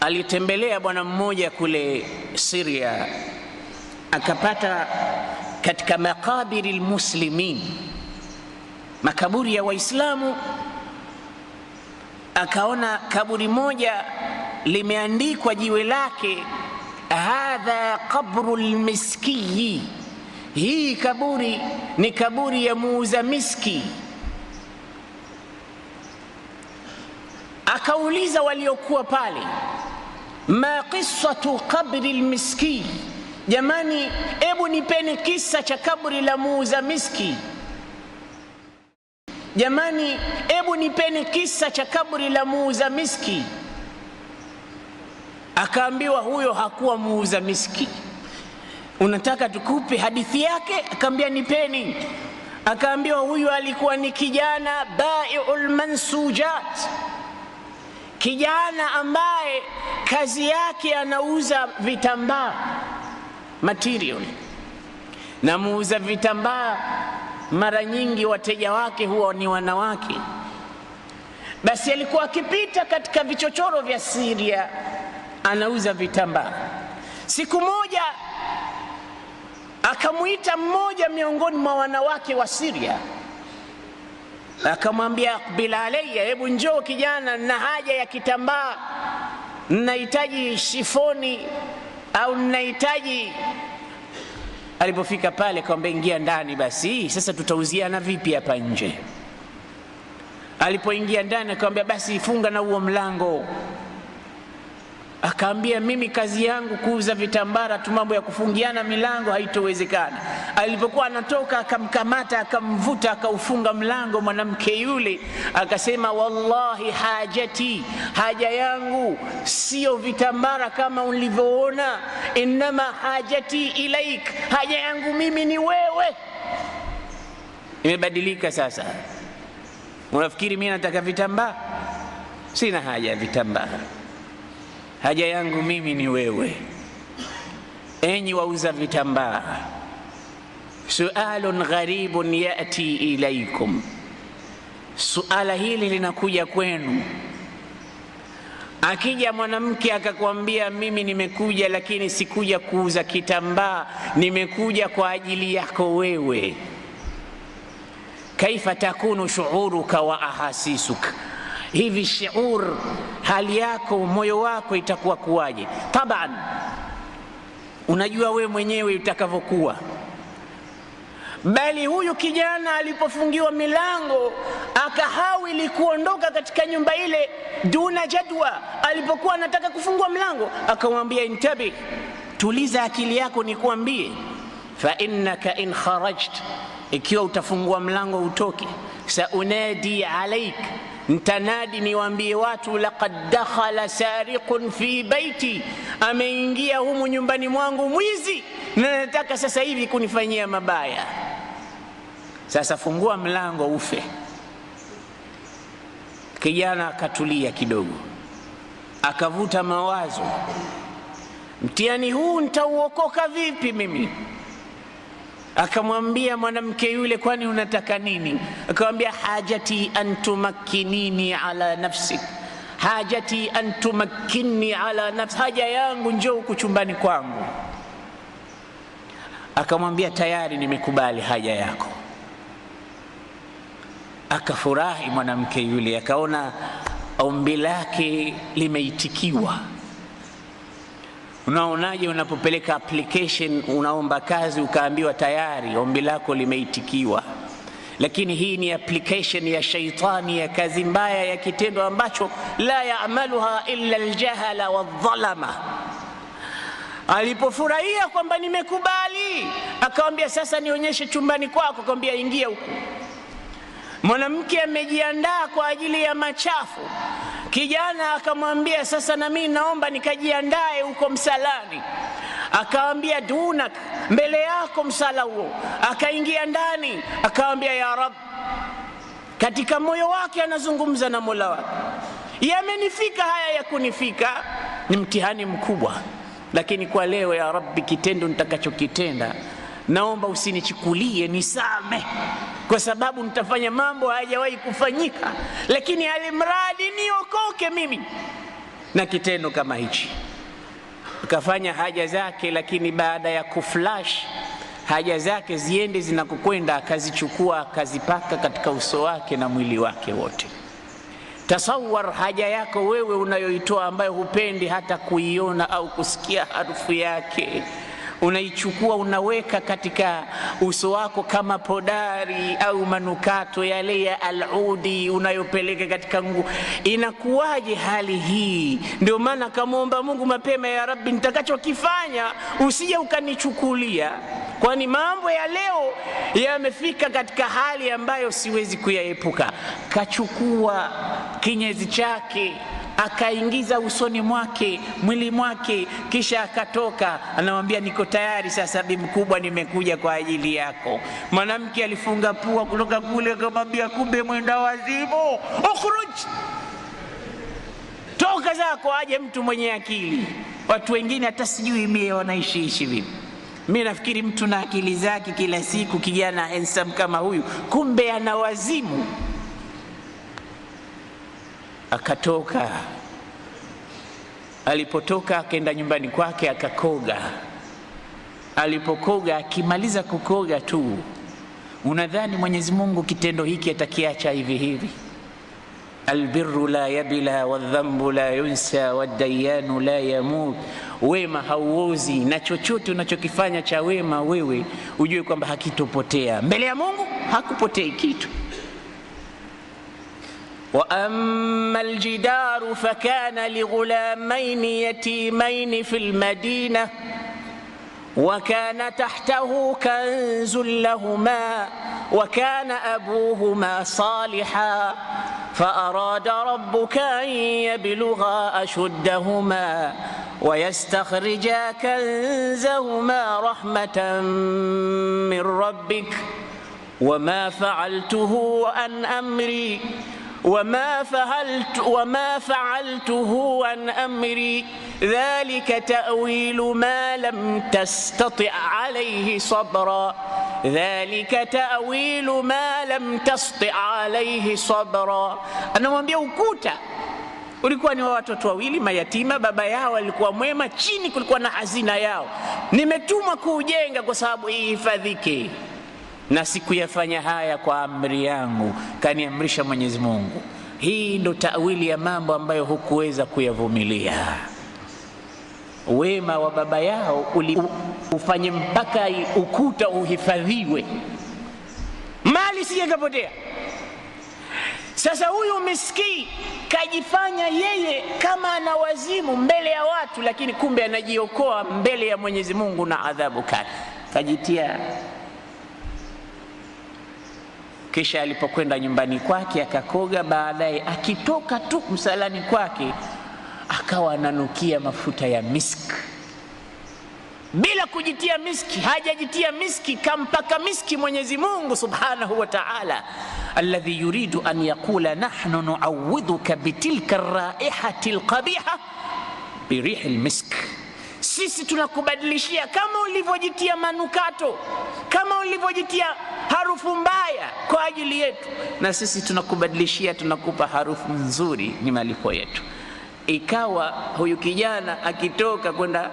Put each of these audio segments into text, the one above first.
alitembelea bwana mmoja kule Syria, akapata katika makabiri lmuslimin, makaburi ya Waislamu, akaona kaburi moja limeandikwa jiwe lake, hadha qabru lmiskiyi, hii kaburi ni kaburi ya muuza miski. Akauliza waliokuwa pale ma qissatu qabri lmiski, jamani, hebu nipeni kisa cha kaburi la muuza miski. Jamani, hebu nipeni kisa cha kaburi la muuza miski. Akaambiwa huyo hakuwa muuza miski. Unataka tukupe hadithi yake? Akaambia nipeni. Akaambiwa huyu alikuwa ni kijana baiu lmansujat kijana ambaye kazi yake anauza vitambaa material, na muuza vitambaa mara nyingi wateja wake huwa ni wanawake. Basi alikuwa akipita katika vichochoro vya Syria anauza vitambaa. Siku moja akamwita mmoja miongoni mwa wanawake wa Syria akamwambia aqbil alayya, hebu njoo kijana, nina haja ya kitambaa, ninahitaji shifoni au ninahitaji Alipofika pale akamwambia ingia ndani basi, sasa tutauziana vipi hapa nje? Alipoingia ndani akawambia, basi funga na huo mlango. Akaambia, mimi kazi yangu kuuza vitambara tu, mambo ya kufungiana milango haitowezekana. Alipokuwa anatoka, akamkamata akamvuta, akaufunga mlango. Mwanamke yule akasema, wallahi hajati, haja yangu sio vitambara kama ulivyoona, innama hajati ilaik, haja yangu mimi ni wewe. Imebadilika sasa. Unafikiri mimi nataka vitambaa? Sina haja ya vitambaa haja yangu mimi ni wewe. Enyi wauza vitambaa, sualun gharibun yati ilaikum, suala hili linakuja kwenu. Akija mwanamke akakwambia, mimi nimekuja, lakini sikuja kuuza kitambaa, nimekuja kwa ajili yako wewe, kaifa takunu shuuruka wa ahasisuka hivi shiur, hali yako, moyo wako itakuwa kuwaje? Taban, unajua we mwenyewe utakavyokuwa. Bali huyu kijana alipofungiwa milango akahawili kuondoka katika nyumba ile, duna jadwa, alipokuwa anataka kufungua mlango akamwambia, intabih, tuliza akili yako, nikuambie fa innaka in kharajt, ikiwa utafungua mlango utoke, saunadi alaik Mtanadi niwaambie watu, laqad dakhala sariqun fi baiti, ameingia humu nyumbani mwangu mwizi na nataka sasa hivi kunifanyia mabaya. Sasa fungua mlango ufe. Kijana akatulia kidogo, akavuta mawazo, mtihani huu nitauokoka vipi mimi? Akamwambia mwanamke yule, kwani unataka nini? Akamwambia, hajati an tumakkinini ala nafsik, hajati an tumakkinni ala nafsi, haja yangu njoo huku chumbani kwangu. Akamwambia, tayari nimekubali haja yako. Akafurahi mwanamke yule, akaona ombi lake limeitikiwa. Unaonaje unapopeleka application, unaomba kazi ukaambiwa tayari ombi lako limeitikiwa? Lakini hii ni application ya shaitani ya kazi mbaya ya kitendo ambacho la yaamaluha illa aljahala wadhalama. Alipofurahia kwamba nimekubali, akamwambia sasa nionyeshe chumbani kwako, akamwambia ingia huku Mwanamke amejiandaa kwa ajili ya machafu Kijana akamwambia sasa, na mimi naomba nikajiandae huko msalani. Akaambia dunak, mbele yako msala huo. Akaingia ndani, akaambia ya Rab, katika moyo wake anazungumza na mola wake, yamenifika haya ya kunifika, ni mtihani mkubwa, lakini kwa leo ya Rabbi, kitendo nitakachokitenda naomba usinichukulie, nisame kwa sababu nitafanya mambo hayajawahi kufanyika, lakini alimradi niokoke mimi na kitendo kama hichi. Akafanya haja zake, lakini baada ya kuflash haja zake ziende zinakokwenda, akazichukua akazipaka katika uso wake na mwili wake wote. Tasawar haja yako wewe unayoitoa, ambayo hupendi hata kuiona au kusikia harufu yake unaichukua unaweka katika uso wako kama podari au manukato yale ya aludi unayopeleka katika nguo. Inakuwaje hali hii? Ndio maana akamwomba Mungu mapema, ya Rabbi, nitakachokifanya usije ukanichukulia, kwani mambo ya leo yamefika katika hali ambayo siwezi kuyaepuka. Kachukua kinyezi chake akaingiza usoni mwake mwili mwake, kisha akatoka, anamwambia niko tayari sasa, bi mkubwa, nimekuja kwa ajili yako. Mwanamke alifunga pua kutoka kule, akamwambia kumbe mwenda wazimu, ukhruj, toka zako. Aje mtu mwenye akili. Watu wengine hata sijui mie wanaishiishi vipi. Mi nafikiri mtu na akili zake kila siku, kijana handsome kama huyu, kumbe ana wazimu akatoka. Alipotoka akaenda nyumbani kwake akakoga. Alipokoga, akimaliza kukoga tu, unadhani Mwenyezi Mungu kitendo hiki atakiacha hivi hivi? Albiru la yabila wadhambu la yunsa wadayanu la yamut, wema hauozi, na chochote unachokifanya cha wema wewe ujue kwamba hakitopotea mbele ya Mungu, hakupotei kitu. وأما الجدار فكان لغلامين يتيمين في المدينة وكان تحته كنز لهما وكان أبوهما صالحا فأراد ربك أن يبلغا أشدهما ويستخرجا كنزهما رحمة من ربك وما فعلته عن أمري وما فعلت وما فعلته عن امري ذلك تاويل ما لم تستطع عليه صبرا ذلك تاويل ما لم تستطع عليه صبرا انا anamwambia ukuta ulikuwa ni wa watoto wawili mayatima, baba yao alikuwa mwema, chini kulikuwa na hazina yao, nimetumwa kuujenga kwa sababu ihifadhike. na sikuyafanya haya kwa amri yangu, kaniamrisha Mwenyezi Mungu. Hii ndo tawili ya mambo ambayo hukuweza kuyavumilia. Wema wa baba yao uli ufanye mpaka ukuta uhifadhiwe, mali sije kapotea. Sasa huyu miskini kajifanya yeye kama ana wazimu mbele ya watu, lakini kumbe anajiokoa mbele ya Mwenyezi Mungu na adhabu kali, kajitia kisha alipokwenda nyumbani kwake akakoga, baadaye akitoka tu msalani kwake akawa ananukia mafuta ya misk bila kujitia miski, hajajitia miski, kampaka miski Mwenyezi Mungu Subhanahu wa Ta'ala, alladhi yuridu an yaqula nahnu nuawidhuka bitilka raihati lqabiha birihi lmisk sisi tunakubadilishia kama ulivyojitia manukato, kama ulivyojitia harufu mbaya kwa ajili yetu, na sisi tunakubadilishia, tunakupa harufu nzuri, ni malipo yetu. Ikawa huyu kijana akitoka kwenda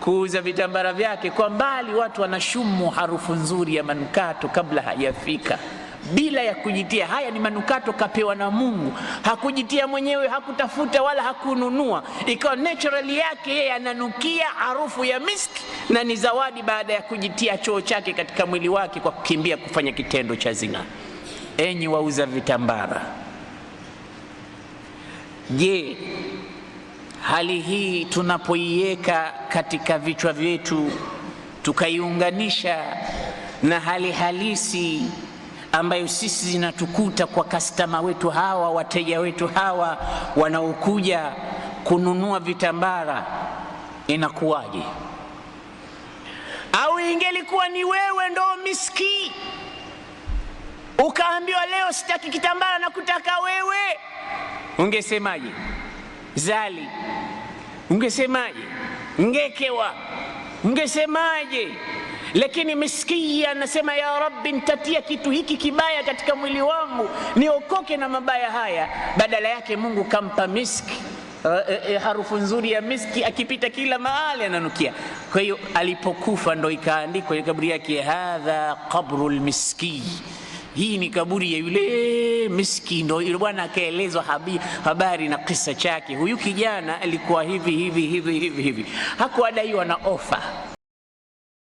kuuza vitambara vyake, kwa mbali watu wanashumu harufu nzuri ya manukato kabla hajafika bila ya kujitia. Haya ni manukato kapewa na Mungu, hakujitia mwenyewe, hakutafuta wala hakununua, ikawa naturally yake yeye ananukia harufu ya miski, na ni zawadi baada ya kujitia choo chake katika mwili wake kwa kukimbia kufanya kitendo cha zina. Enyi wauza vitambara, je, hali hii tunapoiweka katika vichwa vyetu tukaiunganisha na hali halisi ambayo sisi zinatukuta kwa kastama wetu hawa, wateja wetu hawa wanaokuja kununua vitambara, inakuwaje? Au ingelikuwa ni wewe ndo miski ukaambiwa leo sitaki kitambara na kutaka wewe, ungesemaje? Zali, ungesemaje? Ngekewa, ungesemaje? lakini miskii anasema ya Rabbi, nitatia kitu hiki kibaya katika mwili wangu niokoke na mabaya haya. Badala yake Mungu kampa miski e, e, harufu nzuri ya miski, akipita kila mahali ananukia. Kwa hiyo alipokufa ndo ikaandikwa kwenye kaburi yake, hadha qabru lmiskii hii ni kaburi ya yule Ndo yule bwana akaelezwa habari na kisa chake. Huyu kijana alikuwa hivi hivi hivi hivi hivi, hakuadaiwa na ofa